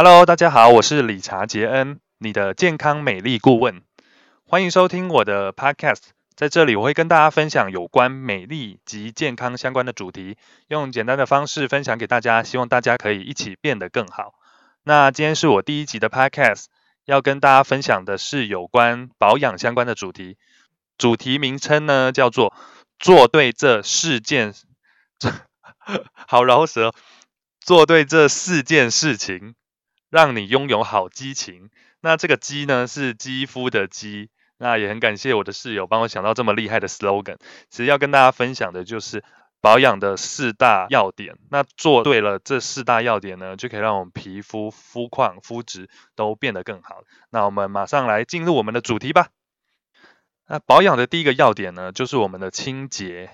Hello，大家好，我是理查杰恩，你的健康美麗顧問。歡迎收聽我的 Podcast，在這裡我會跟大家分享有關美麗及健康相關的主題，用簡單的方式分享給大家，希望大家可以一起變得更好。那今天是我第一集的 Podcast，要跟大家分享的是有關保養相關的主題，主題名稱呢叫做“做對這四件，這”， 好饒舌，做對這四件事情。讓你擁有好肌情。那這個“肌”呢，是肌膚的“肌”。那也很感謝我的室友幫我想到這麼厲害的 slogan。其實要跟大家分享的就是保養的四大要點。那做對了這四大要點呢，就可以讓我們皮膚、膚況、膚質都變得更好。那我們馬上來進入我們的主題吧。那保養的第一個要點呢，就是我們的清潔。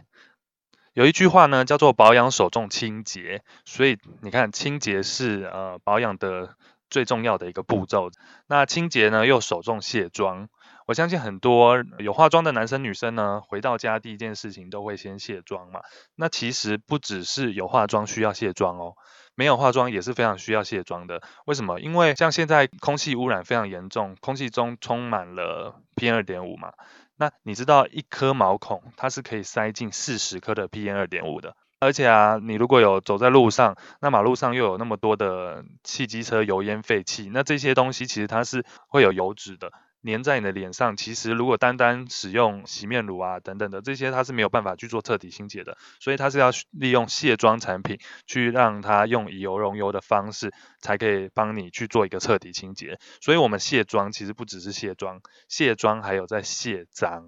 有一句話呢，叫做保養首重清潔，所以你看，清潔是呃保養的最重要的一個步驟。那清潔呢又首重卸妝。我相信很多有化妝的男生女生呢，回到家第一件事情都會先卸妝嘛。那其實不只是有化妝需要卸妝哦，沒有化妝也是非常需要卸妝的。為什麼？因為像現在空氣污染非常嚴重，空氣中充滿了 PM 二點五嘛。那你知道一顆毛孔，它是可以塞進四十顆的 PM 二點五的。而且啊，你如果有走在路上，那馬路上又有那麼多的汽機車油煙廢氣，那這些東西其實它是會有油脂的。粘在你的臉上，其實如果單單使用洗面乳啊等等的這些，它是沒有辦法去做徹底清潔的，所以它是要利用卸妝產品去讓它用以油溶油的方式，才可以幫你去做一個徹底清潔。所以，我們卸妝其實不只是卸妝，卸妝還有在卸髒。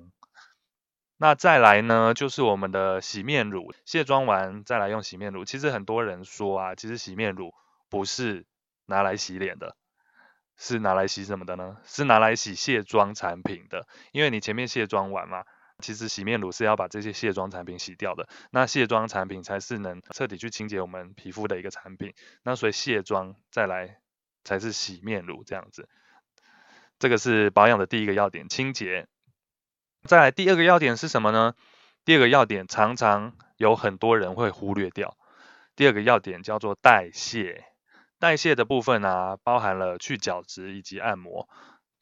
那再來呢，就是我們的洗面乳，卸妝完再來用洗面乳。其實很多人說啊，其實洗面乳不是拿來洗臉的。是拿來洗什麼的呢？是拿來洗卸妝產品的，因為你前面卸妝完嘛，其實洗面乳是要把這些卸妝產品洗掉的。那卸妝產品才是能徹底去清潔我們皮膚的一個產品。那所以卸妝再來才是洗面乳這樣子。這個是保養的第一個要點，清潔。再來第二個要點是什麼呢？第二個要點常常有很多人會忽略掉。第二個要點叫做代謝。代謝的部分呢、啊，包含了去角質以及按摩，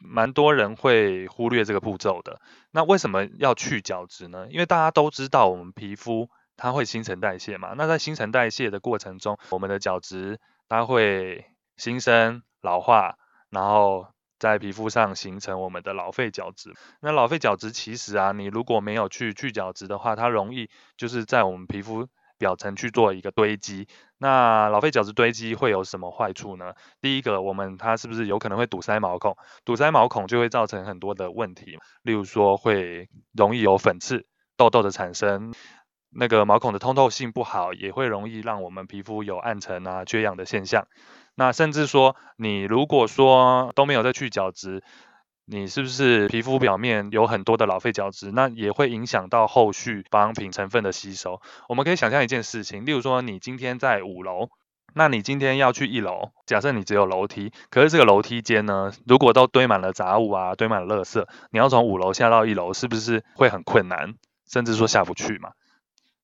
蠻多人會忽略這個步驟的。那為什麼要去角質呢？因為大家都知道我們皮膚它會新陳代謝嘛。那在新陳代謝的過程中，我們的角質它會新生老化，然後在皮膚上形成我們的老廢角質。那老廢角質其實啊，你如果沒有去去角質的話，它容易就是在我們皮膚。表層去做一個堆積，那老廢角質堆積會有什麼壞處呢？第一個，我們它是不是有可能會堵塞毛孔？堵塞毛孔就會造成很多的問題，例如說會容易有粉刺、痘痘的產生，那個毛孔的通透性不好，也會容易讓我們皮膚有暗沉啊、缺氧的現象。那甚至說，你如果說都沒有再去角質。你是不是皮膚表面有很多的老廢角質？那也會影響到後續保養品成分的吸收。我們可以想象一件事情，例如說你今天在五樓，那你今天要去一樓，假設你只有樓梯，可是這個樓梯間呢，如果都堆滿了雜物啊，堆滿了垃圾，你要從五樓下到一樓，是不是會很困難，甚至說下不去嘛？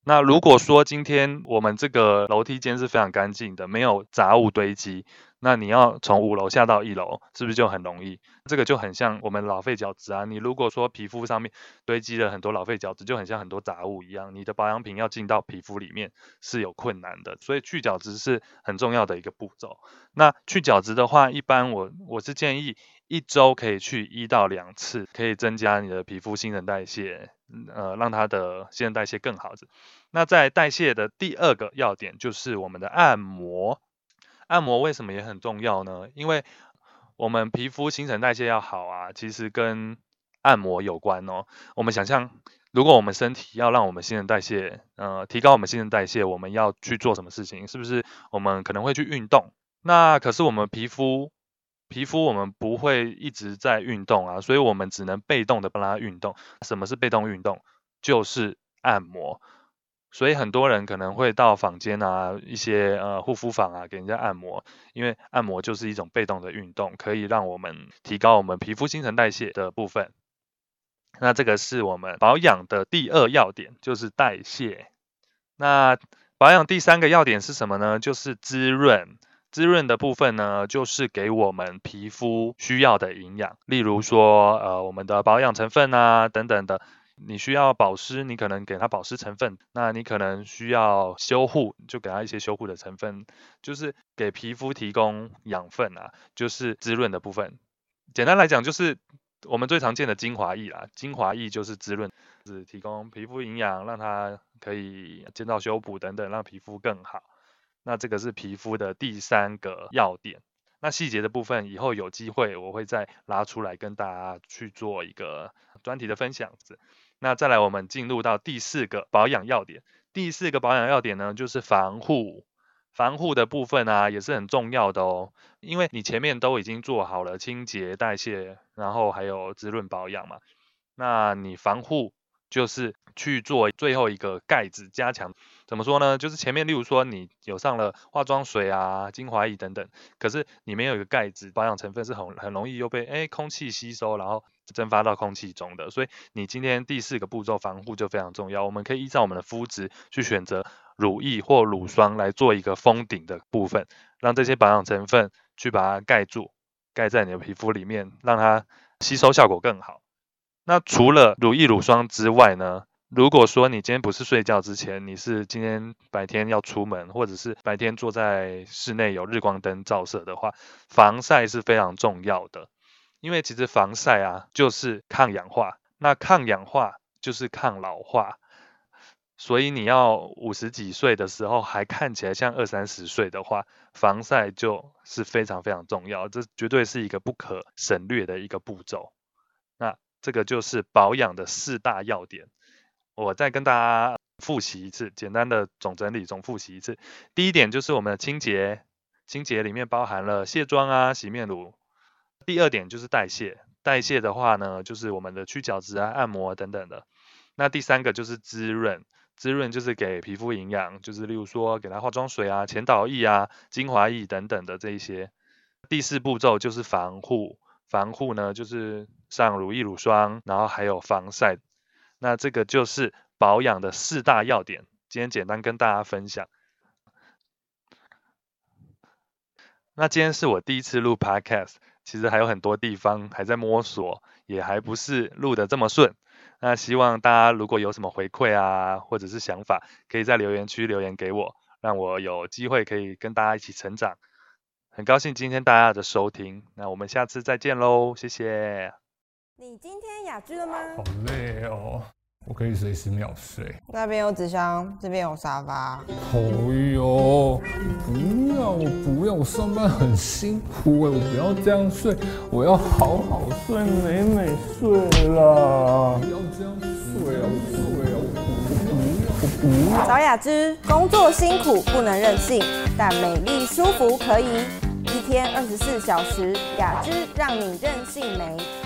那如果說今天我們這個樓梯間是非常乾淨的，沒有雜物堆積。那你要從五樓下到一樓，是不是就很容易？這個就很像我們老廢角質啊。你如果說皮膚上面堆積了很多老廢角質，就很像很多雜物一樣，你的保養品要進到皮膚裡面是有困難的。所以去角質是很重要的一個步驟。那去角質的話，一般我我是建議一周可以去一到兩次，可以增加你的皮膚新陳代謝，呃，讓它的新陳代謝更好。那在代謝的第二個要點就是我們的按摩。按摩為什麼也很重要呢？因為我們皮膚新陳代謝要好啊，其實跟按摩有關哦。我們想象如果我們身體要讓我們新陳代謝，嗯、呃，提高我們新陳代謝，我們要去做什麼事情？是不是我們可能會去運動？那可是我們皮膚，皮膚我們不會一直在運動啊，所以我們只能被動的幫它運動。什麼是被動運動？就是按摩。所以很多人可能會到坊間啊，一些呃護膚坊啊，給人家按摩，因為按摩就是一種被動的運動，可以讓我們提高我們皮膚新陳代謝的部分。那這個是我們保養的第二要點，就是代謝。那保養第三個要點是什麼呢？就是滋潤。滋潤的部分呢，就是給我們皮膚需要的營養，例如說呃我們的保養成分啊等等的。你需要保濕，你可能給它保濕成分；那你可能需要修護，就給它一些修護的成分，就是給皮膚提供養分啊，就是滋潤的部分。簡單來講，就是我們最常見的精華液啦。精華液就是滋潤，是提供皮膚營養，讓它可以建造、修補等等，讓皮膚更好。那這個是皮膚的第三個要點。那細節的部分，以後有機會我會再拉出來跟大家去做一個專題的分享子。那再來，我們進入到第四個保養要點。第四個保養要點呢，就是防護，防護的部分啊，也是很重要的哦。因為你前面都已經做好了清潔、代謝，然後還有滋潤保養嘛，那你防護就是去做最後一個蓋子，加強。怎麼說呢？就是前面例如說你有上了化妝水啊、精華液等等，可是你沒有一個蓋子，保養成分是很很容易又被誒、哎空氣吸收，然後。蒸發到空氣中的，所以你今天第四個步驟防護就非常重要。我們可以依照我們的膚質去選擇乳液或乳霜來做一個封頂的部分，讓這些保養成分去把它蓋住，蓋在你的皮膚裡面，讓它吸收效果更好。那除了乳液、乳霜之外呢？如果說你今天不是睡覺之前，你是今天白天要出門，或者是白天坐在室內有日光燈照射的話，防曬是非常重要的。因為其實防曬啊，就是抗氧化，那抗氧化就是抗老化，所以你要五十幾歲的時候還看起來像二三十歲的話，防曬就是非常非常重要，這絕對是一個不可省略的一個步驟。那這個就是保養的四大要點，我再跟大家複習一次，簡單的總整理、總複習一次。第一點就是我們的清潔，清潔裡面包含了卸妝啊、洗面乳。第二點就是代謝，代謝的話呢，就是我們的去角質啊、按摩等等的。那第三個就是滋潤，滋潤就是給皮膚營養，就是例如說給它化妝水啊、前導液啊、精華液等等的這一些。第四步驟就是防護，防護呢就是上乳液、乳霜，然後還有防曬。那這個就是保養的四大要點，今天簡單跟大家分享。那今天是我第一次錄 Podcast。其實還有很多地方還在摸索，也還不是錄得這麼順。那希望大家如果有什麼回饋啊，或者是想法，可以在留言區留言給我，讓我有機會可以跟大家一起成長。很高興今天大家的收聽，那我們下次再見嘍，謝謝。你今天雅居了嗎？好累哦。我可以隨時秒睡。那邊有紙箱，這邊有沙發。哎、哦、呦，不要！不要！我上班很辛苦哎，我不要這樣睡，我要好好睡，美美睡啦。不要這樣睡啊！睡啊！我不要！我不要！我不要！找雅芝，工作辛苦不能任性，但美麗舒服可以。一天二十四小時，雅芝讓你任性美。